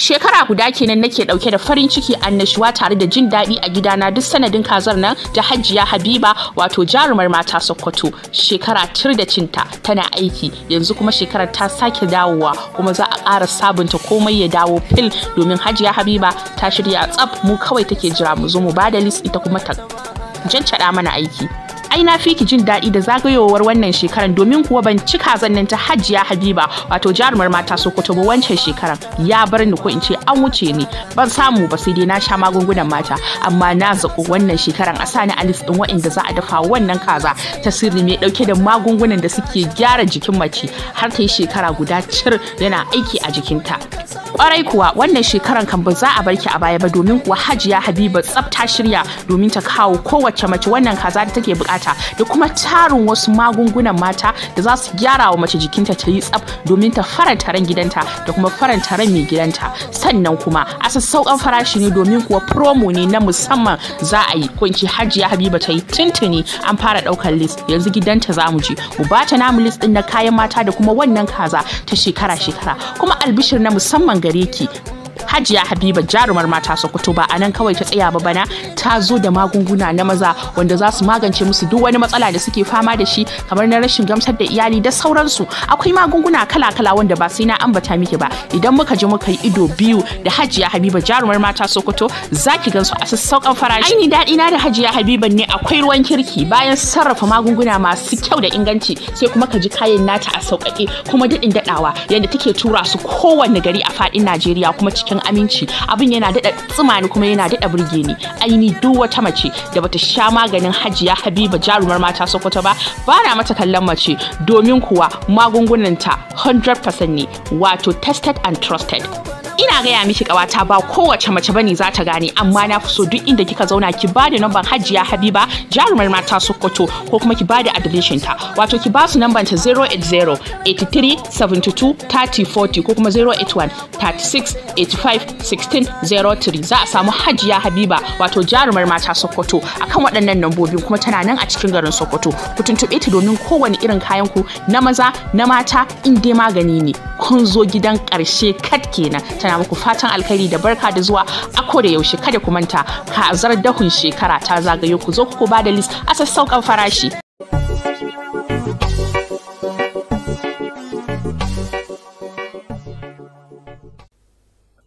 Shekara guda kenan nake dauke da farin ciki annashuwa tare da jin daɗi a gidana duk sanadin kazar nan da Hajiya Habiba wato jarumar mata Sokoto shekara tir da cinta tana aiki yanzu kuma shekarar ta sake dawowa kuma za a ƙara sabunta komai ya dawo fil domin Hajiya Habiba ta shirya tsaf mu kawai take jira mu zo mu bada list ita kuma ta jancada mana aiki. ai na fi ki jin daɗi da zagayowar wannan shekaran domin kuwa ban ci kazan ta Hajiya Habiba wato jarumar mata Sokoto ba wancan shekaran ya bar ni ko in ce an wuce ni ban samu ba sai dai na sha magungunan mata amma na zaƙo wannan shekaran a sani a list din waɗanda za a dafa wannan kaza ta sirri mai ɗauke da magungunan da suke gyara jikin mace har ta yi shekara guda cir yana aiki a jikinta. kwarai kuwa wannan shekaran kan ba za a barki a baya ba domin kuwa hajiya habiba tsafta shirya domin ta kawo kowace mace wannan kaza da take bukata mata da kuma tarin wasu magungunan mata da za su gyara wa mace jikinta ta yi tsaf domin ta faranta ran gidanta da kuma faranta ran mai gidanta sannan kuma a sassauƙan farashi ne domin kuwa promo ne na musamman za a yi kunci hajiya habiba ta yi tuntuni an fara ɗaukar list yanzu gidanta za mu je mu ba ta namu list ɗin na kayan mata da kuma wannan kaza ta shekara-shekara kuma albishir na musamman gare ki hajiya habiba jarumar mata sokoto ba a nan kawai ta tsaya ba bana ta zo da magunguna na maza wanda za su magance musu duk wani matsala da suke fama da shi kamar na rashin gamsar da iyali da sauransu akwai magunguna kala-kala wanda ba sai na ambata miki ba idan muka je muka yi ido biyu da hajiya habiba jarumar mata sokoto za ki gansu a sassauƙan farashi aini daɗi na da hajiya habiba ne akwai ruwan kirki bayan sarrafa magunguna masu kyau da inganci sai kuma ka ji kayan nata a sauƙaƙe kuma daɗin daɗawa yadda take tura su kowanne gari a faɗin najeriya kuma cikin aminci abin yana daɗa tsima kuma yana daɗa burge ni aini duk wata mace da bata sha maganin hajiya habiba jarumar mata sokoto ba ba na mata kallon mace domin kuwa magungunanta 100% ne wato tested and trusted ina gaya miki kawata ba kowace mace bane za ta gane amma na fi so duk inda kika zauna ki ba da namban Hajiya Habiba jarumar mata Sokoto ko kuma ki bada adireshin ta wato ki ba su namban ta 080 83 72 30 40 ko kuma 081 36 85 16 03 za a samu Hajiya Habiba wato jarumar mata Sokoto akan waɗannan nambobin kuma tana nan a cikin garin Sokoto ku tuntuɓe ta domin kowane irin kayan ku na maza na mata in dai magani ne kun zo gidan ƙarshe kat kenan tana muku fatan alkhairi da barka da zuwa a da yaushe kada ku manta kazar dahun shekara ta zagaye ku zo ku ba da list a sassauƙan farashi.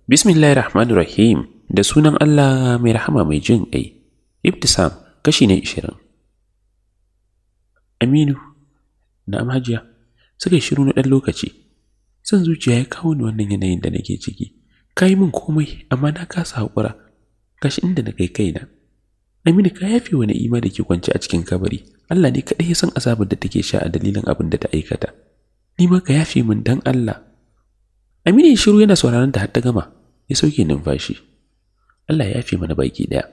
Bismillahir Rahmanir Rahim da sunan Allah mai rahama mai jin ƙai. Ibtisam kashi na ishirin. Aminu na Amhajiya suka yi shiru na ɗan lokaci san zuciya ya kawo ni wannan yanayin da nake ciki ka yi min komai amma na kasa haƙura gashi inda na kai kaina Aminu ka yafe wani ima da ke kwance a cikin kabari Allah ne kaɗai ya san azabar da take sha a dalilin abin da ta aikata ni ma ka yafe min dan Allah Aminu ya shiru yana sauraron ta har ta gama ya sauke numfashi Allah ya yafe mana baki daya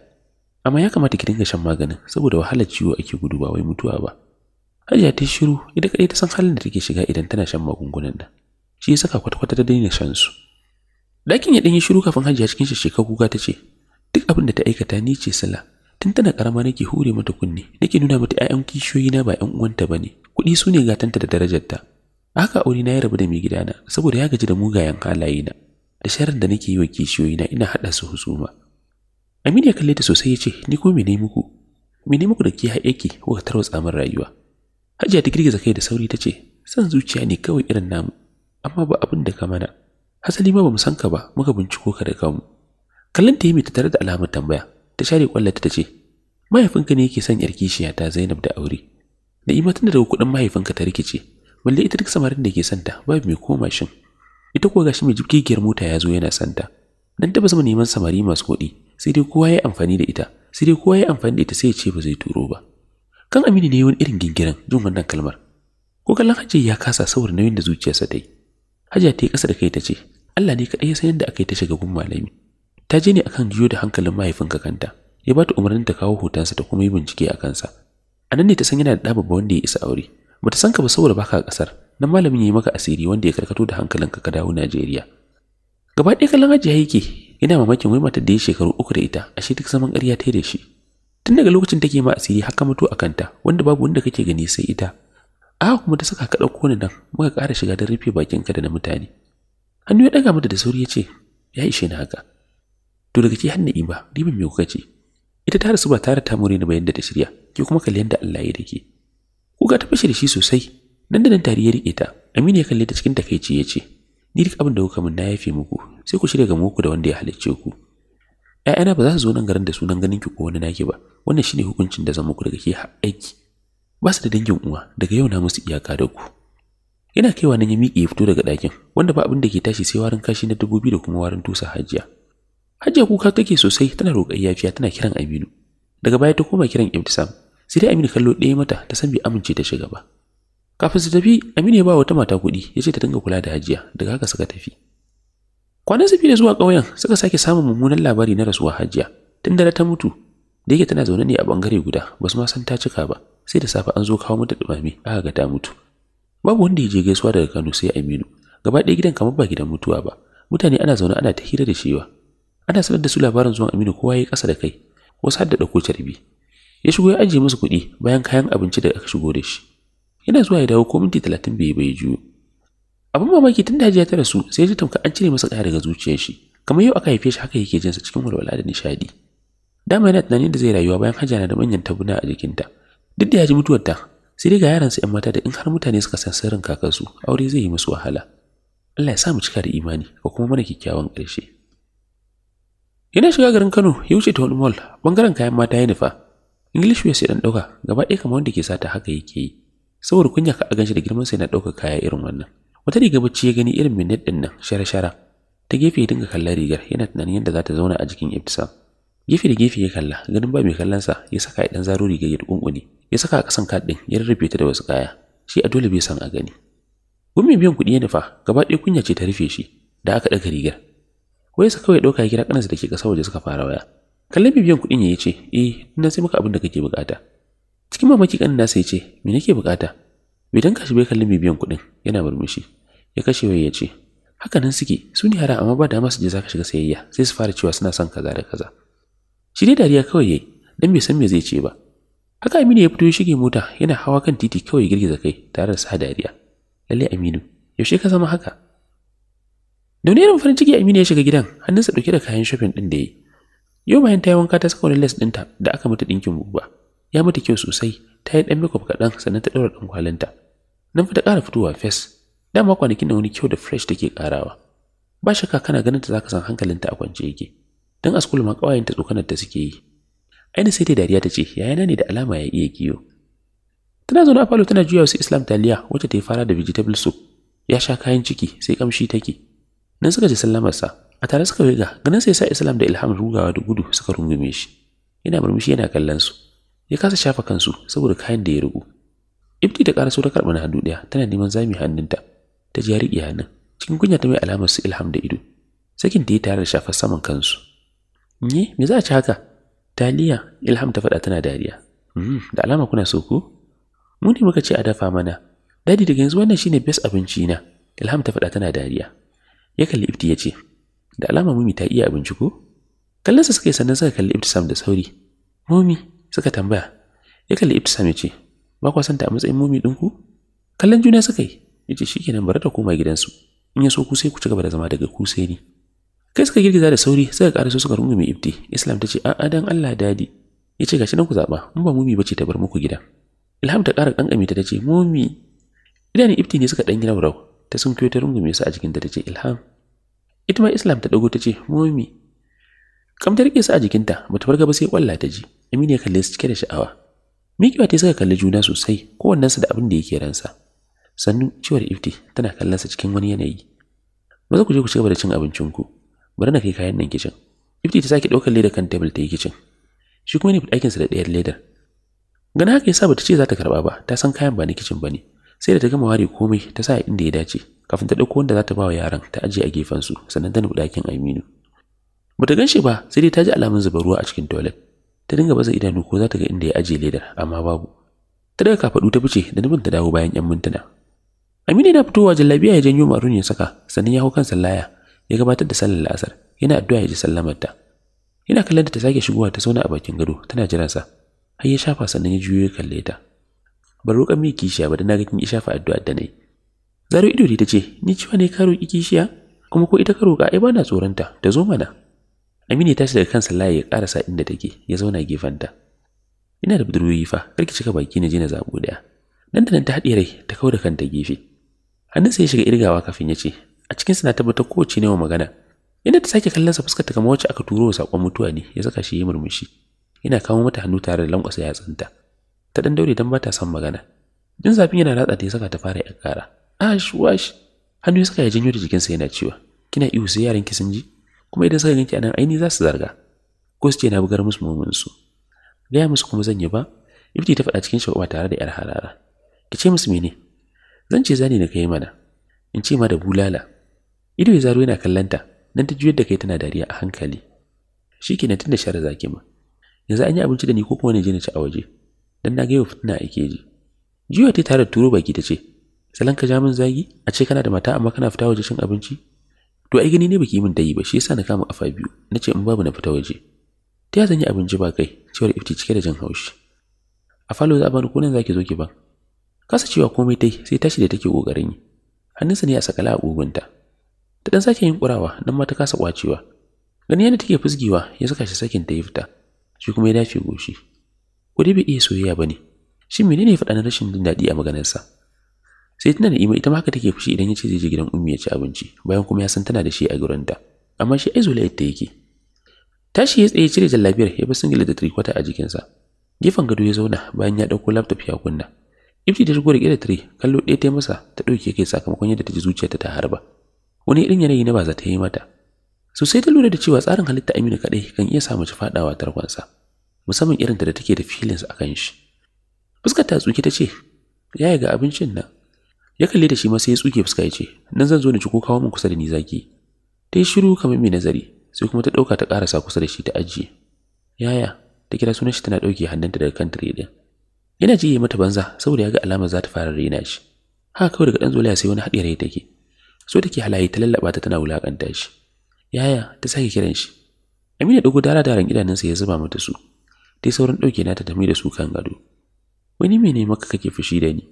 amma ya kamata ki dinga shan maganin saboda wahalar ciwo ake gudu ba wai mutuwa ba Hajiya ta shiru ita kaɗai ta san halin da take shiga idan tana shan magungunan nan shi ya saka kwata-kwata ta daina shan su dakin ya ɗanyi shiru kafin hajiya cikin shekaru kuka ta ce duk abin da ta aikata ni ce sala tun tana karama nake hure mata kunne nake nuna mata 'ya'yan kishiyoyi na ba 'yan uwanta ba ne. kuɗi su ne gatanta da darajarta haka aure na ya rabu da mai gidana saboda ya gaji da mugayen halaye na. da sharar da nake yi wa na ina haɗa su husuma Aminu ya kalle ta sosai ya ce ni ko mene muku mene muku da ke ki? ko tarwatsa min rayuwa Hajiya ta girgiza kai da sauri ta ce, "San zuciya ne kawai irin namu." amma ba abin da ka mana hasali ma bamu san ka ba muka binciko ka da kanmu kallon ta yi ta tare da alamar tambaya ta share kwallata ta ce mahaifinka ne yake son yar kishiya ta Zainab da aure da ima da daga kudin mahaifinka ta rikice balle ita duk samarin da ke santa babu mai koma shin ita kuwa gashi mai jibgigiyar mota ya zo yana santa dan ta zama neman samari masu kuɗi sai dai kowa ya yi amfani da ita sai dai kowa ya amfani da ita sai ya ce ba zai turo ba kan Aminu ne wani irin gingiran jin wannan kalmar ko kallon hajji ya kasa saboda nauyin da zuciyarsa ta yi Hajiya ta yi ƙasa da kai ta ce, Allah ne kaɗai ya san yadda aka yi ta shiga gun malami. Ta je ne akan jiyo da hankalin mahaifinka kanta, ya ba ta umarnin ta kawo hotonsa ta kuma yi bincike a kansa. A nan ne ta san yana da ɗa wanda ya isa aure. Bata san ka ba saboda baka a ƙasar, nan malamin ya yi maka asiri wanda ya karkato da hankalinka ka dawo Najeriya. Gaba ɗaya kallon Hajiya yake, yana mamakin wai matar da ya shekaru uku da ita, ashe duk zaman ƙarya ta yi da shi. Tun daga lokacin take ma asiri haka mutu a kanta, wanda babu wanda kake gani sai ita, a kuma ta saka ka ɗauko nan muka ƙara shiga don rufe bakin ka da na mutane hannu ya daga mata da sauri ya ce ya ishe ni haka to daga ki hannu ima ribin me kuka ce ita ta rasu ba tare ta muri ni ba yadda ta shirya ke kuma kalli yadda Allah ya dake kuka ta fashe da shi sosai nan da nan tari ya rike ta Aminu ya kalle ta cikin takaici ya ce ni duk abin da kuka min na yafe muku sai ku shirya ga muku da wanda ya halicce ku ‘ya'yana ba za su zo nan garin da sunan ganin ki ko wani naki ba wannan shine hukuncin da zan muku daga ke aiki ba su da dangin uwa daga yau na musu iyaka da ku yana kaiwa nan ya miƙe ya fito daga ɗakin wanda ba abin da ke tashi sai warin kashi na dubu biyu da kuma warin tusa hajiya hajiya kuka take sosai tana roƙar yafiya tana kiran aminu daga baya ta koma kiran ibtisam sai dai aminu kallo ɗaya mata ta san bai amince ta shiga ba kafin su tafi aminu ya ba wata mata kuɗi ya ce ta dinga kula da hajiya daga haka suka tafi kwanan su da zuwa ƙauyen suka sake samun mummunan labari na rasuwa hajiya tun da ta mutu da yake tana zaune ne a bangare guda ba su ma san ta cika ba sai da safe an zo kawo mata dumami aka ga ta mutu babu wanda ya je gaisuwa daga Kano sai Aminu gaba ɗaya gidan kamar ba gidan mutuwa ba mutane ana zaune ana ta hira da shewa ana sanar da su labarin zuwan Aminu kowa yayi kasa da kai wasu har da ko carbi ya shigo ya ajiye musu kuɗi bayan kayan abinci da aka shigo da shi yana zuwa ya dawo ko minti talatin bai bai juyo abin mamaki tun da hajiya ta rasu sai ya ji tamka an cire masa ƙaya daga zuciyar shi kamar yau aka haife shi haka yake jinsa cikin walwala da nishadi dama yana tunanin da zai rayuwa bayan hajjana da manyan tabuna a jikinta duk da ya ji mutuwarta sai dai ga yaran su yan mata da in har mutane suka san sirrin kakansu aure zai yi musu wahala Allah ya sa mu cika da imani ko kuma mana kyakkyawan ƙarshe yana shiga garin Kano ya wuce ta wani mall bangaren kayan mata ya nufa English ya sai dan dauka gaba ɗaya kamar wanda ke sata haka yake yi saboda kunya ka ganshi da girman sai na dauka kaya irin wannan wata riga bacci ya gani irin minnet din nan shara-shara ta gefe ya dinga kallon rigar yana tunanin yadda za ta zauna a jikin Ibsam gefe da gefe ya kalla ganin ba mai sa ya saka idan dan zaruri riga ya ya saka a kasan kad din ya rarrafe ta da wasu kaya shi a dole bai san a gani gumi biyan kuɗi ya nufa gaba ɗaya kunya ce ta rufe shi da aka ɗaga rigar sa kawai ɗauka ya kira ƙanansa da ke ka waje suka fara waya kallon bibiyan kuɗin ya yace? eh ina sai maka abin da kake bukata cikin mamaki ƙanin nasa ya ce me nake bukata bai danka shi bai kallon bibiyan kuɗin yana murmushi ya kashe waya yace haka nan suke su ne yara amma ba da masu je zaka shiga sayayya sai su fara cewa suna son kaza da kaza shi dai dariya kawai yayi dan bai san me zai ce ba haka Aminu ya fito ya shige mota yana hawa kan titi kawai girgiza kai tare da sa dariya lalle Aminu yaushe ka zama haka da wani irin farin ciki Aminu ya shiga gidan hannunsa dauke da kayan shopping din da yayi yau bayan ta yi wanka ta saka wani lace dinta da aka mata dinkin buba ya mata kyau sosai ta yi dan makeup kaɗan sannan ta ɗaura dan kwalinta nan fa ta ƙara fitowa fes dama kwanakin da wani kyau da fresh take ƙarawa ba shakka kana ganin ta zaka san hankalinta a kwance yake don a ma ƙawayenta tsokanar ta suke yi aina sai dai dariya ta ce yayana ne da alama ya iya kiyo tana zaune a falo tana juya wasu islam taliya wacce ta yi fara da vegetable soup ya sha kayan ciki sai kamshi take nan suka ji sallamarsa a tare suka riga ganin sai sa islam da ilham rugawa da gudu suka rungume shi yana murmushi yana kallon su ya kasa shafa kansu saboda kayan da ya rugu ibti da karaso ta karɓa na hannu ɗaya tana neman zami hannunta ta ji ya riƙe hannun cikin kunya ta mai alamar su ilham da ido sakin da ya tare da shafar saman kansu Ni, me za a ci haka taliya ilham ta faɗa tana dariya hmm, da alama kuna so ku? mu ne muka ce a dafa mana dadi daga yanzu wannan shine best abinci na ilham ta faɗa tana dariya ya kalli ifti ya ce da alama mumi ta iya abinci ko kallonsa suka yi sannan suka kalli ibtisam da sauri mumi suka tambaya ya kalli ibtisam ya ce ba kwa santa a matsayin mumi ɗinku kallon juna suka yi ya ce shikenan bari ta koma gidansu in ya so ku sai ku ci gaba da zama daga ku sai ni kai suka girgiza da sauri suka karaso suka rungume ifti islam ta ce a adan allah dadi ya ce gashi nan ku zaba in ba mumi bace ta bar muku gida ilham ta kara ta ce mumi idanun ifti ne suka ɗan yi raurau ta sunkiyo ta rungume su a jikinta ta ce ilham ita ma islam ta dago ta ce mumi kam ta rike su a jikinta bata farga ba sai kwalla ta ji amina ya kalle su cike da sha'awa mikiwa ta suka kalli juna sosai kowannensu da abin da yake ransa sannu ciwar ifti tana kallon sa cikin wani yanayi maza ku je ku ci gaba da cin abincin ku. bari na kai kayan nan kicin ifti ta sake ɗaukar ledar kan tebul ta yi kicin shi kuma ne ɗakinsa da ɗayar ledar gana haka yasa bata ce za ta karɓa ba ta san kayan ba na kicin ba ne sai da ta gama ware komai ta sa inda ya dace kafin ta ɗauko wanda za ta ba wa yaran ta ajiye a gefen su sannan ta nufi ɗakin aminu bata gan shi ba sai dai ta ji alamun zuba ruwa a cikin toilet ta dinga baza idanu ko za ta ga inda ya ajiye ledar amma babu ta daga kafaɗu ta fice da nufin ta dawo bayan 'yan mintuna Aminu na fitowa jallabiya ya janyo marun ya saka sannan ya hau kan sallaya ya gabatar da sallar la'asar yana addu'a ya ji sallamar ta yana kallon ta sake shigowa ta zauna a bakin gado tana jiran sa har ya shafa sannan ya juyo ya kalle ta ban roƙa mai kishiya ba da na ga kin shafa addu'a da nai. zaro ido ta ce ni ciwa ne ka roƙi kishiya kuma ko ita ka roƙa ai bana tsoron ta ta zo mana Aminu ya tashi daga kansa layi ya karasa inda take ya zauna gefen ta ina da budurwoyi fa karki cika baki na ji na zabo daya nan da nan ta haɗe rai ta kawo da kanta gefe hannunsa ya shiga irgawa kafin ya ce a cikin na tabbata kowace ne wa magana inda ta sake kallon sa fuskar ta kamar wacce aka turo sakon mutuwa ne ya saka shi ya murmushi yana kawo mata hannu tare da lankwasa yatsanta. ta dan daure dan ba ta son magana jin zafin yana ratsa ta ya saka ta fara yin kara ash wash hannu ya saka ya janyo da sa yana cewa kina ihu sai yaran ki sun ji kuma idan suka ganki anan aini za su zarga ko su ce na bugar musu mumun su gaya musu kuma zan yi ba ifti ta faɗa cikin shagwaba tare da yar harara ki ce musu mene zan ce zani na kai mana in ce ma da bulala ido ya zaro yana kallanta nan ta juyar da kai tana dariya a hankali shi na tunda share zaki ma yanzu an yi abinci da ni ko kuma ne je na ci a waje dan na ga yau fitina a keji jiya ta tare turo baki ta ce salan ka ja min zagi a ce kana da mata amma kana fita waje cin abinci to ai gani ne baki min dayi ba shi yasa na kama kafa biyu nace in babu na fita waje ta ya zanyi abinci ba kai cewar ifti cike da jin haushi a falo za a bani kunan zaki zo ki ba kasa cewa komai dai sai tashi da take kokarin yi hannunsa ne a sakala a ugunta ta dan sake yin kurawa nan ma ta kasa kwacewa gani yadda take fusgiwa ya saka shi sakin ta fita shi kuma ya dace goshi ko dai bai iya soyayya bane shin menene ya faɗa na rashin jin daɗi a sa sai tana da ima ita ma haka take fushi idan ya ce zai je gidan ummi ya ci abinci bayan kuma ya san tana da shi a ta amma shi ai zulayar ta yake tashi ya tsaye cire jallabiyar ya bi singila da trikwata a jikinsa gefen gado ya zauna bayan ya ɗauko laptop ya kunna ifti ta shigo da ƙira tire kallo ɗaya ta masa ta ɗauke kai sakamakon yadda ta ji zuciyarta ta harba wani irin yanayi na baza ta yi mata so sai ta lura da cewa tsarin halitta Aminu kadai kan iya sa mace fadawa tarkonsa musamman irin da take da feelings akan shi fuskar ta tsuke ta ce ya ga abincin nan ya kalle da shi ma sai ya tsuke fuska ya ce nan zan zo na ci ko kawo min kusa da ni zaki ta yi shiru kamar mai nazari sai kuma ta ɗauka ta karasa kusa da shi ta ajiye yaya ta kira sunan shi tana dauke hannunta daga kan tire din yana ji mata banza saboda ya ga alamar za ta fara raina shi haka kawai daga dan zolaya sai wani hadiyar ya so take halaye ta lallaba ta tana wulakanta shi yaya ta sake kiran shi Amina dago dara daran idanunsa ya zuba mata su dai sauran dauke nata ta mai da su kan gado wani mene maka kake fushi da ni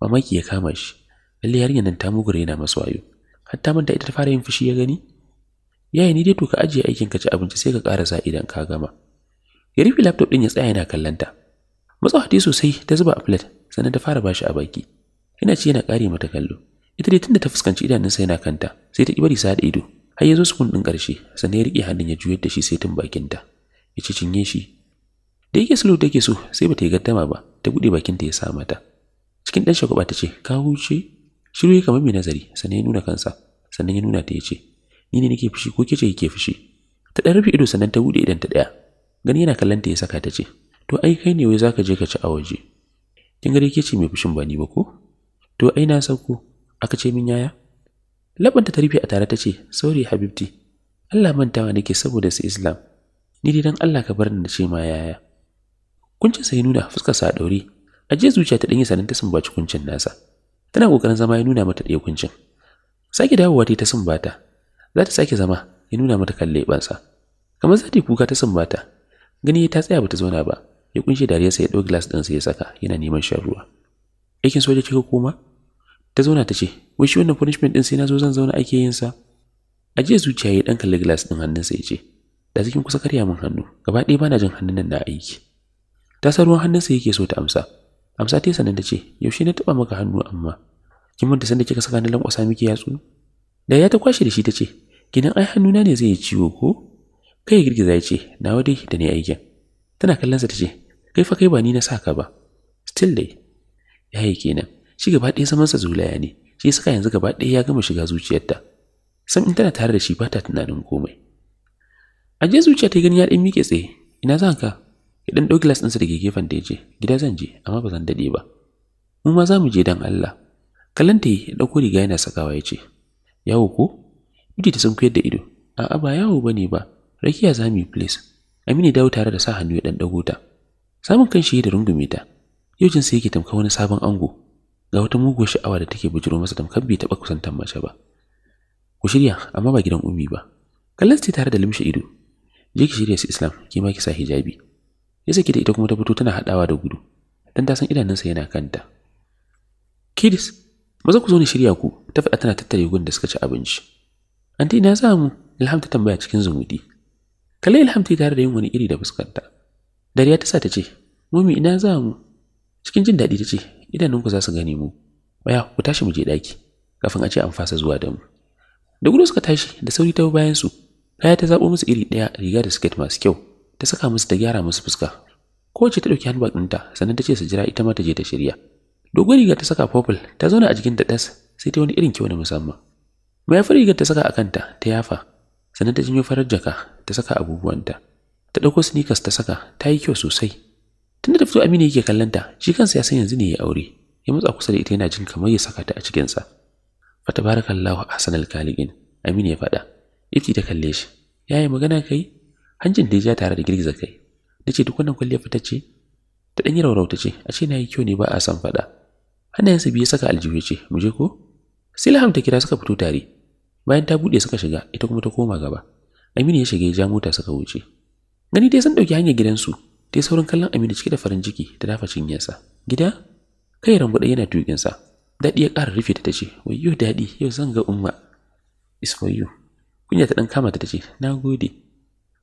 mamaki ya kama shi lalle yarinyar nan ta mugure yana masa wayo hatta manta ita ta fara yin fushi ya gani yaya ni dai to ka ajiye aikin ka ci abinci sai ka karasa idan ka gama ya rufe laptop din ya tsaya yana kallanta matsa sosai ta zuba a plate sannan ta fara bashi a baki ina ci yana kare mata kallo ita dai tunda ta fuskanci idanunsa yana kanta sai ta bari sa da ido har ya zo kun din karshe sannan ya rike hannun ya juyar da shi sai tun bakinta ya ci cinye shi da yake ta take so sai bata yi gaddama ba ta bude ta ya sa mata cikin dan shagwaba ta ce ka huce shiru kamar mai nazari sannan ya nuna kansa sannan ya nuna ta ya ce ni ne nake fushi ko kice yake fushi ta dan rufe ido sannan ta bude idan ta daya gani yana kallon ta ya saka ta ce to ai kai ne wai zaka je ka ci a waje kin ga dai kice mai fushin bani ni ba ko to ai na sauko aka ce min yaya labanta ta rufe a tare ta ce sorry habibti Allah mantawa nake saboda su islam ni dai dan Allah ka bar ni na ce ma yaya kuncin ya nuna fuskar sa dauri aje zuciya ta danyi sanin ta sumbaci kuncin nasa tana kokarin zama ya nuna mata ɗaya kuncin sake dawowa ta sumbata za ta sake zama ya nuna mata kan leɓansa kamar za ta yi kuka ta sumbata gani ta tsaya bata zauna ba ya kunshe dariyarsa ya ɗau glass ɗinsa ya saka yana neman shan ruwa aikin soja ka koma ta zauna ta ce wai shi wannan punishment din sai na zo zan zauna ake yin sa a jiya zuciya ya dan kalli glass din hannunsa ya ce da cikin kusa karya min hannu gaba ɗaya bana jin hannun nan na aiki ta sa ruwan sa yake so ta amsa amsa ta sanin ta ce yaushe na taba maka hannu amma kin manta sanda kika saka ni lankwasa miki yatsu da ya ta kwashe da shi ta ce gidan ai hannuna ne zai yi ciwo ko kai girgiza ya ce nawa dai da ne aikin tana kallon sa ta ce kai fa kai ba ni na saka ba still dai yayi kenan shi gaba ɗaya zamansa zulaya ne shi saka yanzu gaba ɗaya ya gama shiga zuciyarta sam in tana tare da shi ba ta tunanin komai a je zuciya ta gani ya ɗan miƙe tsaye ina zan ka ya ɗan ɗauki ɗinsa da ke gefen da ya je gida zan je amma ba zan daɗe ba mu ma za mu je don Allah kallon ta yi ya ɗauko riga yana sakawa ya ce yawo ko miji ta sun koyar da ido a'a ba yawo ba ne ba rakiya za mu yi place amini dawo tare da sa hannu ya ɗan ɗago ta samun kan shi da rungume ta yau sai yake tamka wani sabon ango ga wata mugun sha'awa da take bujiro masa tamkar bai taɓa kusantar mace ba ku shirya amma ba gidan umi ba kallon sai tare da limshi ido je ki shirya su islam ki ma ki sa hijabi ya saki da ita kuma ta fito tana haɗawa da gudu dan ta san idanunsa yana kanta kidis maza ku zo ni shirya ku ta faɗa tana tattare gun da suka ci abinci anti na samu ilham ta tambaya cikin zumudi kalle ilham ta tare da yin wani iri da fuskarta dariya ta sa ta ce mummy ina za mu cikin jin daɗi ta ce idanunku za su gane mu baya ku tashi mu je daki kafin a ce an fasa zuwa da mu da gudu suka tashi da sauri ta bayan su Raya ta zabo musu iri daya riga da siket masu kyau ta saka musu ta gyara musu fuska kowace ta dauki handbag ɗinta sannan ta ce su jira ita ma ta je ta shirya dogon riga ta saka purple ta zauna a jikin ta das sai ta wani irin kyau na musamman mai mayafin rigar ta saka a kanta ta yafa sannan ta janyo farar jaka ta saka abubuwanta ta dauko sneakers ta saka ta yi kyau sosai tunda da fito Aminu yake kallon ta shi kansa ya san yanzu ne ya aure ya matsa kusa da ita yana jin kamar ya saka ta a cikin sa fa tabarakallahu ahsanal khaliqin Aminu ya faɗa yace ta kalle shi yayi magana kai hanjin da ya tare da girgiza kai nace duk wannan kulliya fita ce ta danyi raurauta ce a ce nayi kyau ne ba a san faɗa hannayensa biyu saka aljihu ce mu je ko Silham ta kira suka fito tare bayan ta bude suka shiga ita kuma ta koma gaba Aminu ya shiga ya ja mota suka wuce gani dai sun dauki hanyar gidansu da ya saurin kallon aminu cike da farin ciki da dafa cinyarsa gida kai rambuɗa yana tuƙinsa daɗi ya ƙara rufe ta tace wayyo daɗi yau zan ga umma is for you kunya ta ɗan kama ta tace na gode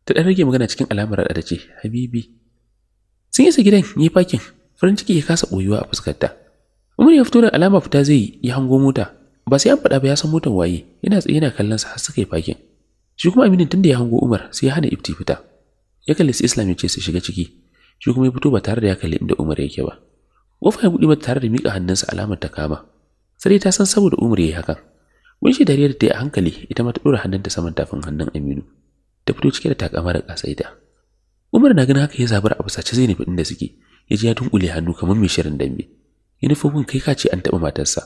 ta ɗan rage magana cikin alamar da tace habibi sun isa gidan yi fakin farin ciki ya kasa ɓoyuwa a fuskarta umar ya fito da alama fita zai yi ya hango mota ba sai an faɗa ba ya san motar waye yana tsaye yana kallon sa har suka yi fakin shi kuma aminin tunda ya hango umar sai ya hana ifti fita ya kalli su islam ya ce su shiga ciki shi kuma ya fito ba tare da ya kalli inda Umar yake ba kofa ya buɗe mata tare da miƙa hannunsa alamar ta kama sai ta san saboda Umar yayi hakan mun shi dariyar ta a hankali ita ma ta dora hannunta saman tafin hannun Aminu ta fito cike da takama da ita. Umar na ganin haka ya zabar a busace zai nufi inda suke ya ji ya tunkule hannu kamar mai shirin dambe yunifofin kai ka ce an taɓa matarsa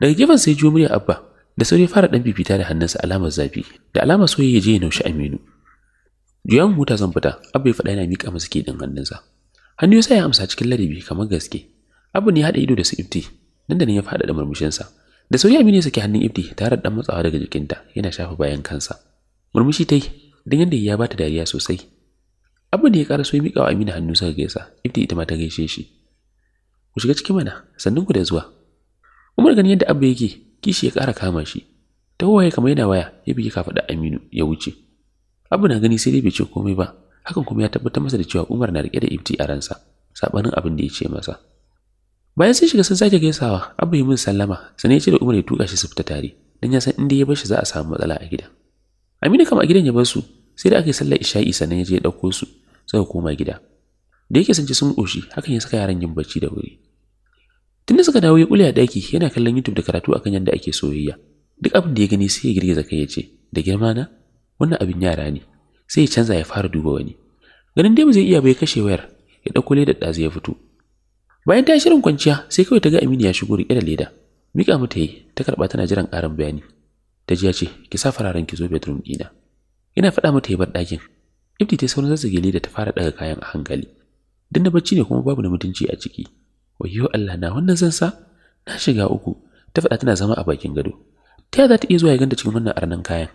daga gefen sai jiyo murya abba da sauri fara dan bibita da hannunsa alamar zafi da alamar soyayya je ya naushi Aminu Juyan huta zan fita, Abu ya faɗa yana miƙa masa ke ɗin hannunsa. Hannu sai ya amsa cikin ladabi kamar gaske. Abu ne ya haɗa ido da su Ifti, nan da nan ya faɗaɗa murmushinsa. Da sauri Aminu ya saki hannun Ifti tare da ɗan matsawa daga jikinta yana shafa bayan kansa. Murmushi ta yi, don yadda ya bata dariya sosai. Abu ne ya ƙara so ya miƙa wa Aminu hannu sa gaisa, Ifti ita ma ta gaishe shi. Ku shiga cikin mana, sannan ku da zuwa. Umar ganin yadda Abu yake, kishi ya ƙara kama shi. Ta waye kamar yana waya, ya ka kafaɗa Aminu ya wuce. Abu na gani sai dai bai ce komai ba. Hakan kuma ya tabbatar masa da cewa Umar na rike da ifti a ransa, sabanin abin da ya ce masa. Bayan sai shiga sun sake gaisawa, Abu yi min sallama, sanai ya ce da Umar ya tuka shi su fita tare, dan ya san inda ya bar shi za a samu matsala a gidan. Aminu kama a gidan ya bar su, sai da aka yi sallar isha'i sannan ya je ya ɗauko su, suka koma gida. Da yake sun ci sun ƙoshi, hakan ya saka yaran yin bacci da wuri. Tunda suka dawo ya kule a daki yana kallon YouTube da karatu akan yadda ake soyayya. Duk abin da ya gani sai ya girgiza kai ya ce, "Da girma na?" wannan abin yara ne sai ya canza ya fara duba wani ganin dai mu zai iya bai kashe wayar ya ɗauko ledar ɗazu ya fito bayan ta shirin kwanciya sai kawai ta ga aminu ya shigo riƙe da leda mika mata yi ta karɓa tana jiran ƙarin bayani ta ji ya ce ki sa fararen ki zo bedroom ɗina ina faɗa mata ya bar ɗakin ifti ta saurin zazzage leda ta fara daga kayan a hankali dan bacci ne kuma babu na mutunci a ciki wayyo Allah na wannan zan sa na shiga uku ta faɗa tana zama a bakin gado ta za ta iya zuwa ya ganta cikin wannan arnan kayan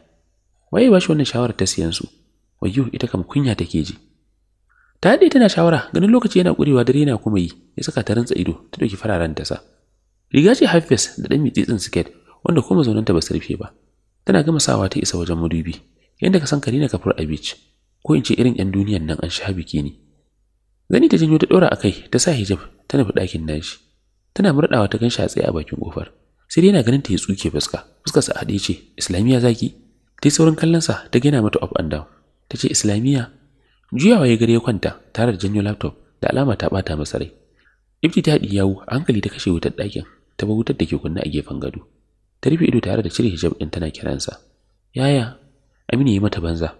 waye ba shi wannan shawarar ta siyan su wayyo ita kam kunya take ji ta dade tana shawara ganin lokaci yana ƙurewa dare yana kuma yi ya saka ta rantsa ido ta ɗauki fararen ta sa riga ce haifes da ɗan mitsitsin siket wanda kuma zaunan ba sarfe rufe ba tana gama sawa ta isa wajen madubi yanda ka san karina kafur a beach ko in ce irin 'yan duniyan nan an sha biki ne zani ta janyo ta ɗora a ta sa hijab ta nufi ɗakin nashi tana murɗawa ta gan shi a tsaye a bakin kofar sai dai yana ganin ta ya tsuke fuska fuskarsa a haɗe ce islamiyya zaki ta yi saurin sa ta gina mata up and down ta ce islamiyya juyawa ya gare ya kwanta tare da janyo laptop da alama ta bata masa rai ibti ta haɗi yawo hankali ta kashe wutar ɗakin ta bar wutar da ke kunna a gefen gado ta rufe ido tare da cire hijab ɗin tana kiransa yaya aminu ya mata banza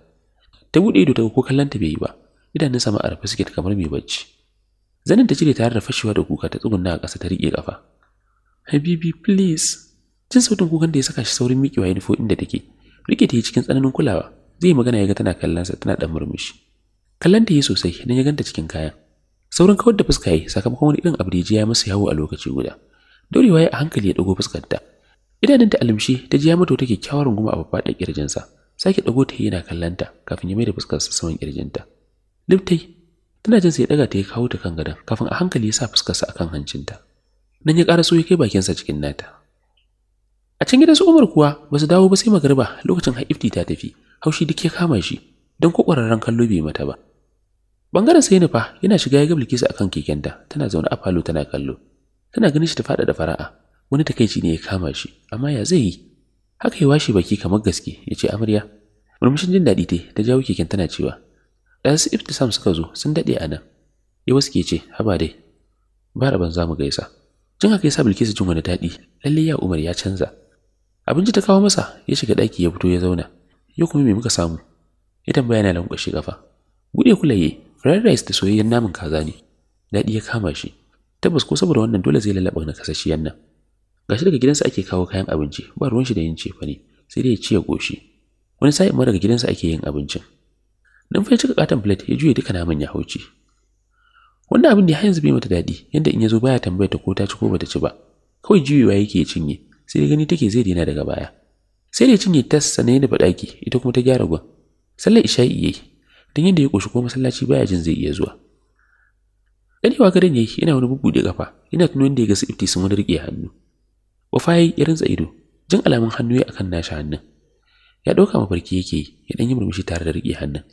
ta buɗe ido ta ko kallon ta bai yi ba idanun sama a rufe suke kamar mai bacci zanin ta cire tare da fashewa da kuka ta tsugunna a ƙasa ta riƙe ƙafa habibi please jin sautin kukan da ya saka shi saurin miƙewa ya nufo inda take rike ta yi cikin tsananin kulawa zai magana ya ga tana kallonsa tana dan murmushi kallon ta yi sosai don ya ganta cikin kayan saurin kawar da fuska yi sakamakon wani irin abu da ya masa yawo a lokaci guda dorewa ya a hankali ya dago fuskar ta idanun ta almshi ta ji ya mata take kyakkyawar goma a kirjin sa sake dago ta yana kallon ta kafin ya mai da fuskar sa saman ta liftai tana jin sai ya daga ta ya kawo ta kan gadon kafin a hankali ya sa fuskar sa akan hancinta nan ya ƙara so ya kai bakin sa cikin nata can su Umar kuwa ba su dawo ba sai magariba lokacin haifti ta tafi. Haushi duk ya kama shi don ko ƙwararren kallo bai mata ba. Bangaren sai nufa yana shiga ya ga Bilkisu akan kekenta tana zaune a falo tana kallo. Tana ganin shi ta faɗa da fara'a wani takaici ne ya kama shi amma ya zai yi. Haka ya washe baki kamar gaske ya ce amarya. Murmushin jin daɗi te ta jawo keken tana cewa Ifti Iftisam suka zo sun daɗe a nan. Ya waske ce haba dai. Bara ban za mu gaisa. Jin haka ya sa Bilkisu jin wani daɗi lallai ya Umar ya canza. abinci ta kawo masa ya shiga daki ya fito ya zauna yau kuma me muka samu ya tambaya yana shi kafa buɗe kulaye fried rice da soyayyen naman kaza ne daɗi ya kama shi tabbas ko saboda wannan dole zai lalaba na kasashiyan nan gashi daga gidansa ake kawo kayan abinci ba ruwan shi da yin cefa ne sai dai ya ci ya goshi wani sa'in ma daga gidansa ake yin abincin Dan fa ya cika katon plate ya juya duka naman ya hauci wannan abin da ya yanzu bai mata daɗi yadda in ya zo baya tambaya ta ko ta ci ko bata ci ba kawai juyewa yake ya cinye sai dai gani take zai daina daga baya sai dai cinye tas sannan da nufi ita kuma ta gyara gwan sallar isha'i yayi dan yadda ya koshi ko masallaci baya jin zai iya zuwa wa garin yayi yana wani da kafa yana tuno da ya ga su ifti sun wani riƙe hannu wafa ya irin ido jin alamun hannu ya akan nashi hannun ya ɗauka mafarki yake yi ya dan yi murmushi tare da rike hannun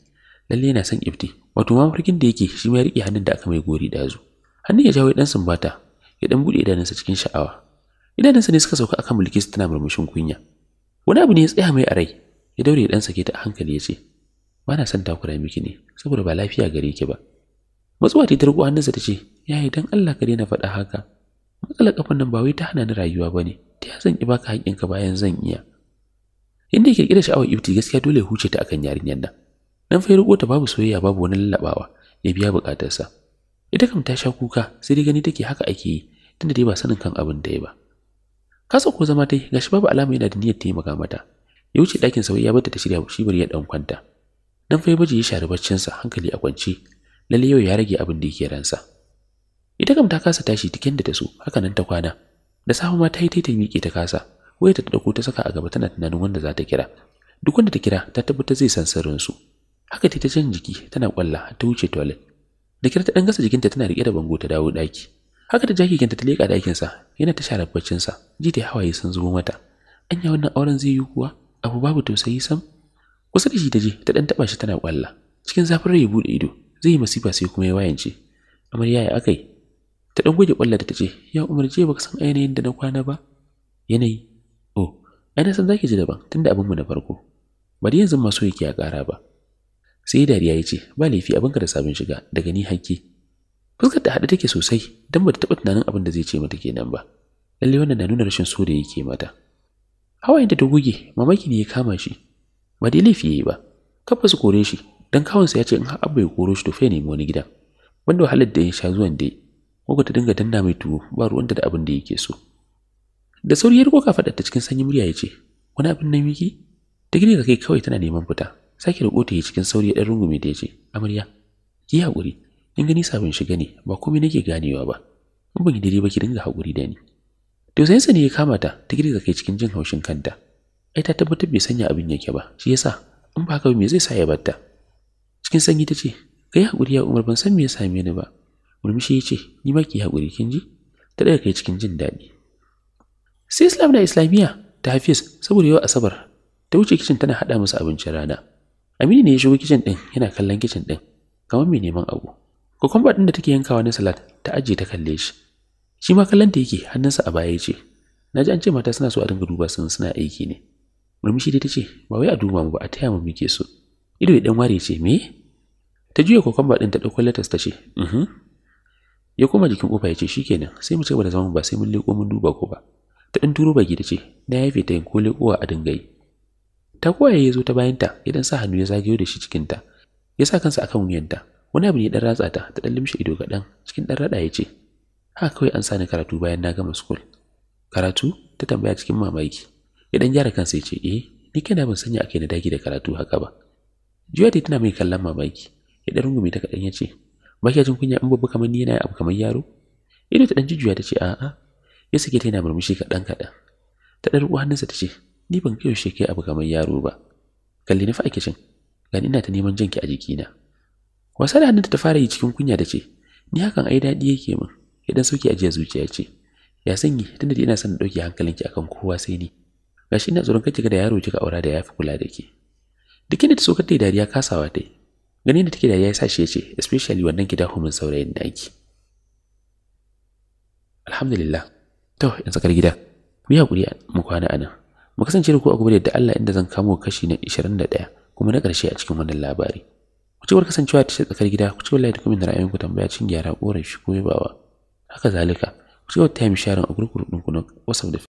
lalle yana son ifti wato ma mafarkin da yake shi ma ya riƙe hannun da aka mai gori dazu hannun ya jawo dan sumbata ya ɗan buɗe idanunsa cikin sha'awa idanunsa ne suka sauka akan bilkisu tana murmushin kunya wani abu ne ya tsaya mai a rai ya daure ya dan sake ta hankali ya ce ba na son takura miki ne saboda ba lafiya gare ki ba matsuwa ta tarko hannunsa ta ce yayi dan Allah ka daina faɗa haka matsala kafan nan ba wai ta hana ni rayuwa ba ne, ta ya zan ki baka haƙƙinka bayan zan iya inda yake kira sha'awar ifti gaskiya dole ya huce ta akan yarinyar nan nan fa ya riko ta babu soyayya babu wani lallabawa ya biya bukatarsa ita kam ta sha kuka sai dai gani take haka ake yi tunda dai ba sanin kan abin da ya ba kasa ko zama dai gashi babu alama yana da niyyar taimaka mata ya wuce ɗakin sa ya bata ta shirya shi bari ya dan kwanta dan fa baje ya share baccin sa hankali a kwance lalle yau ya rage abin da yake ransa ita kam ta kasa tashi tikin da ta so haka nan ta kwana da safe ma ta yi taita miƙe ta kasa waya ta dauko ta saka a gaba tana tunanin wanda za ta kira duk wanda ta kira ta tabbata zai san sirrin su haka ta jan jiki tana kwalla ta wuce toilet da kira ta dan gasa jikinta tana rike da bango ta dawo daki haka da jaki ginta ta leƙa ɗakinsa yana ta share baccinsa ji ta hawaye sun zubo mata anya wannan auren zai yi kuwa abu babu tausayi sam kusa da shi ta je ta ɗan taba shi tana kwalla cikin zafin rai bude buɗe ido zai yi masifa sai kuma ya wayance amaryaya yayi akai ta ɗan goge kwalla ta ce ya umarce baka san ainihin da na kwana ba yanayi oh ai na san zaki ji daban tunda abin mu na farko bari yanzu maso yake ya kara ba sai dariya ya ce ba laifi ka da sabon shiga daga ni hakki fuskar ta haɗu take sosai don ba ta taɓa tunanin abin da zai ce mata kenan ba Lallai wannan na nuna rashin so da yake mata hawayen da ta goge mamaki ne ya kama shi ba dai laifi ya yi ba kafa su kore shi dan kawansa ya ce in har abba ya koro shi to fa nemi wani gidan wanda wahalar da ya sha zuwan dai ko ta dinga danna mai tuwo ba ruwan da abin da yake so da sauri ya riko ka faɗa ta cikin sanyin murya ya ce wani abin nan miki ta ga kai kawai tana neman fita sake da ta yi cikin sauri ya ɗan rungume da ya ce amarya ki haƙuri in gani sabon shiga ne ba komai nake ganewa ba in ban gidire ba ki dinga haƙuri da ni to sai ne ya kama ta ta girga kai cikin jin haushin kanta ai ta tabbatar bai sanya abin yake ba shi yasa in ba haka me zai sa ya batta cikin sanyi ta ce kai haƙuri ya umar ban san me ya same ni ba murmushi ya ce ni ma ki haƙuri kin ji ta daga kai cikin jin daɗi sai islam da islamiyya ta hafiz saboda yau asabar ta wuce kicin tana haɗa musu abincin rana aminu ne ya shigo kicin ɗin yana kallon kicin ɗin kamar mai neman abu kokumba ɗin da take yankawa ne salad ta ajiye ta kalle shi shi ma kallon ta yake hannunsa a baya ce na ji an ce mata suna so a dinga duba sun suna aiki ne murmushi dai ta ce ba wai a duba mu ba a taya mu muke so ido ya dan ware ce me ta juya kokumba ɗin ta dauko latas ta ce mhm ya koma jikin kofa ya ce shikenan sai mu ce ba da zaman ba sai mun leko mun duba ko ba ta dan turo baki ta ce na yafe ta yin ko lekowa a dinga ta koya ya zo ta bayanta ya dan sa hannu ya zagayo da shi cikinta ya sa kansa akan wuyanta wani abu ne dan ratsa ta ta dan limshe ido kaɗan cikin dan rada yace Ha kawai an sani karatu bayan na gama school karatu ta tambaya cikin mamaki ya dan gyara kansa ce, eh ni kana ban sanya akai na daki da karatu haka ba Juya tana mai kallon mamaki ya dan rungume ta kaɗan yace ba jin kunya in babba kamar ni yana abu kamar yaro ido ta dan ta tace a'a ya sake ta yana murmushi kaɗan kaɗan ta dan ruwa hannunsa tace ni ban kai yaushe kai abu kamar yaro ba kalli na fa a cin gani ina ta neman jinki a jikina wasa da hannunta ta fara yi cikin kunya da ce ni hakan ai daɗi yake min idan sauki ajiya zuciya ce ya sanyi da ina son ɗauke hankalinki kan kowa sai ni gashi ina tsoron kai kake da yaro kika aura da ya fi kula da ke duk inda ta so kar ta dariya kasawa ta yi gani da take dariya ya sa shi ya ce especially wannan gida homin saurayin ake. alhamdulillah to in tsakar gida ku yi hakuri mu kwana nan mu kasance da ku a gobe da Allah inda zan kamo kashi na 21 kuma na ƙarshe a cikin wannan labari ku ci kasancewa ta tsakar gida ku ci wallahi da kuma da ku tambaya cin gyara korafi ko yabawa haka zalika ku ci wata time sharing a gurgurun ku na WhatsApp da